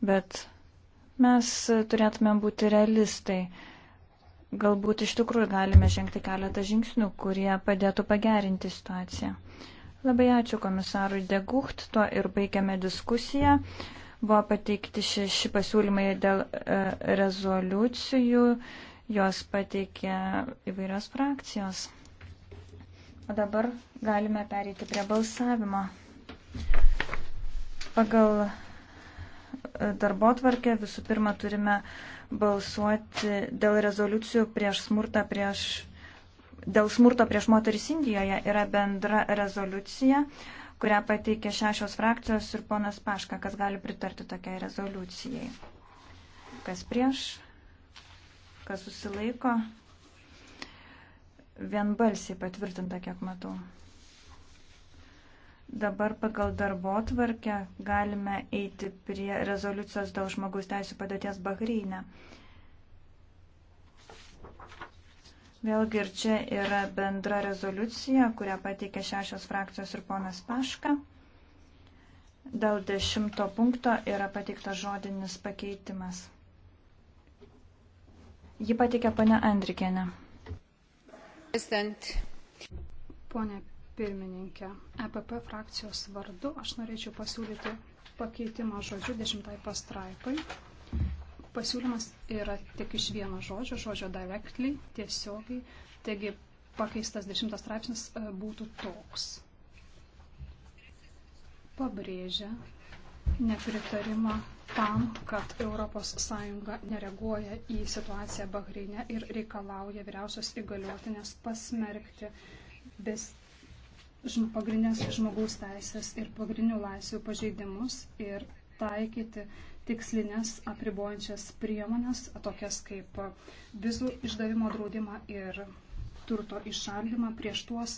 Bet mes turėtume būti realistai. Galbūt iš tikrųjų galime žengti keletą žingsnių, kurie padėtų pagerinti situaciją. Labai ačiū komisarui Degucht, tuo ir baigiame diskusiją. Buvo pateikti šeši pasiūlymai dėl e, rezoliucijų, juos pateikė įvairios frakcijos. O dabar galime pereiti prie balsavimo. Pagal darbo tvarkę. Visų pirma, turime balsuoti dėl rezoliucijų prieš smurtą prieš. Dėl smurto prieš moteris Indijoje yra bendra rezoliucija, kurią pateikė šešios frakcijos ir ponas Paška, kas gali pritarti tokiai rezoliucijai. Kas prieš, kas susilaiko, vienbalsiai patvirtinta, kiek matau. Dabar pagal darbo tvarkę galime eiti prie rezoliucijos dėl žmogaus teisų padėties Bahreinė. Vėlgi ir čia yra bendra rezoliucija, kurią pateikė šešios frakcijos ir ponas Paška. Dėl dešimto punkto yra pateiktas žodinis pakeitimas. Ji pateikė ponia Andrikėne. Pone pirmininkė. EPP frakcijos vardu aš norėčiau pasiūlyti pakeitimą žodžiu dešimtai pastraipai. Pasiūlymas yra tik iš vieno žodžio, žodžio directly, tiesiogiai. Taigi pakeistas dešimtas straipsnis e, būtų toks. Pabrėžia nepritarimą tam, kad ES nereaguoja į situaciją Bahreinė ir reikalauja vyriausios įgaliotinės pasmerkti pagrindinės žmogaus teisės ir pagrindinių laisvių pažeidimus ir taikyti tikslinės apribojančias priemonės, tokias kaip vizų išdavimo draudimą ir turto išaldymą prieš tuos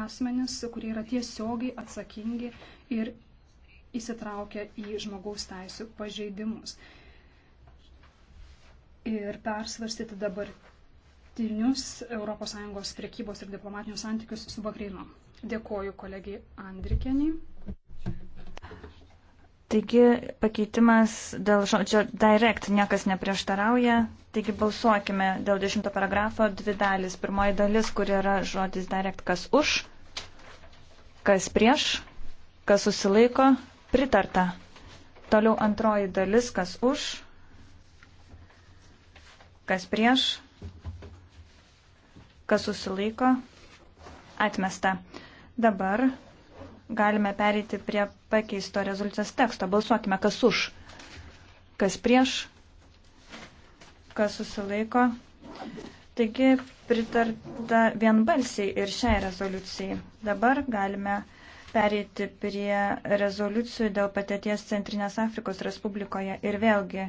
asmenis, kurie yra tiesiogiai atsakingi ir įsitraukia į žmogaus teisų pažeidimus. Ir persvarstyti dabar nuolatinius ES priekybos ir diplomatinius santykius su Bahreinu. Dėkoju kolegijai Andrikeniai. Taigi pakeitimas dėl žodžio direct niekas neprieštarauja. Taigi balsuokime dėl dešimto paragrafo dvi dalis. Pirmoji dalis, kur yra žodis direct kas už, kas prieš, kas susilaiko, pritarta. Toliau antroji dalis, kas už, kas prieš, kas susilaiko, atmesta. Dabar galime pereiti prie pakeisto rezoliucijos teksto. Balsuokime, kas už, kas prieš, kas susilaiko. Taigi pritarta vienbalsiai ir šiai rezoliucijai. Dabar galime pereiti prie rezoliucijų dėl patėties Centrinės Afrikos Respublikoje ir vėlgi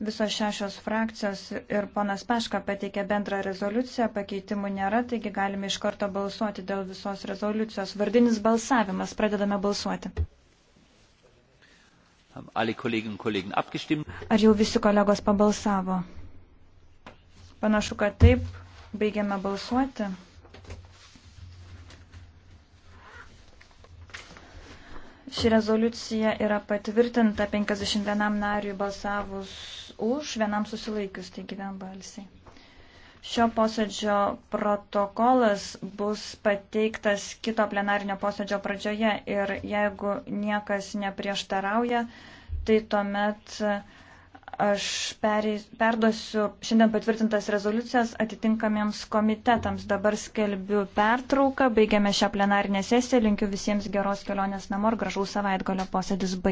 Visos šešios frakcijos ir ponas Peška pateikė bendrą rezoliuciją, pakeitimų nėra, taigi galime iš karto balsuoti dėl visos rezoliucijos. Vardinis balsavimas, pradedame balsuoti. Ar jau visi kolegos pabalsavo? Panašu, kad taip, baigiame balsuoti. Ši rezoliucija yra patvirtinta 51 nariui balsavus už, vienam susilaikius, taigi vienbalsiai. Šio posėdžio protokolas bus pateiktas kito plenarinio posėdžio pradžioje ir jeigu niekas neprieštarauja, tai tuomet aš pereis, perduosiu šiandien patvirtintas rezoliucijas atitinkamiems komitetams. Dabar skelbiu pertrauką, baigiame šią plenarinę sesiją, linkiu visiems geros kelionės namo ir gražų savaitgalio posėdis baigtas.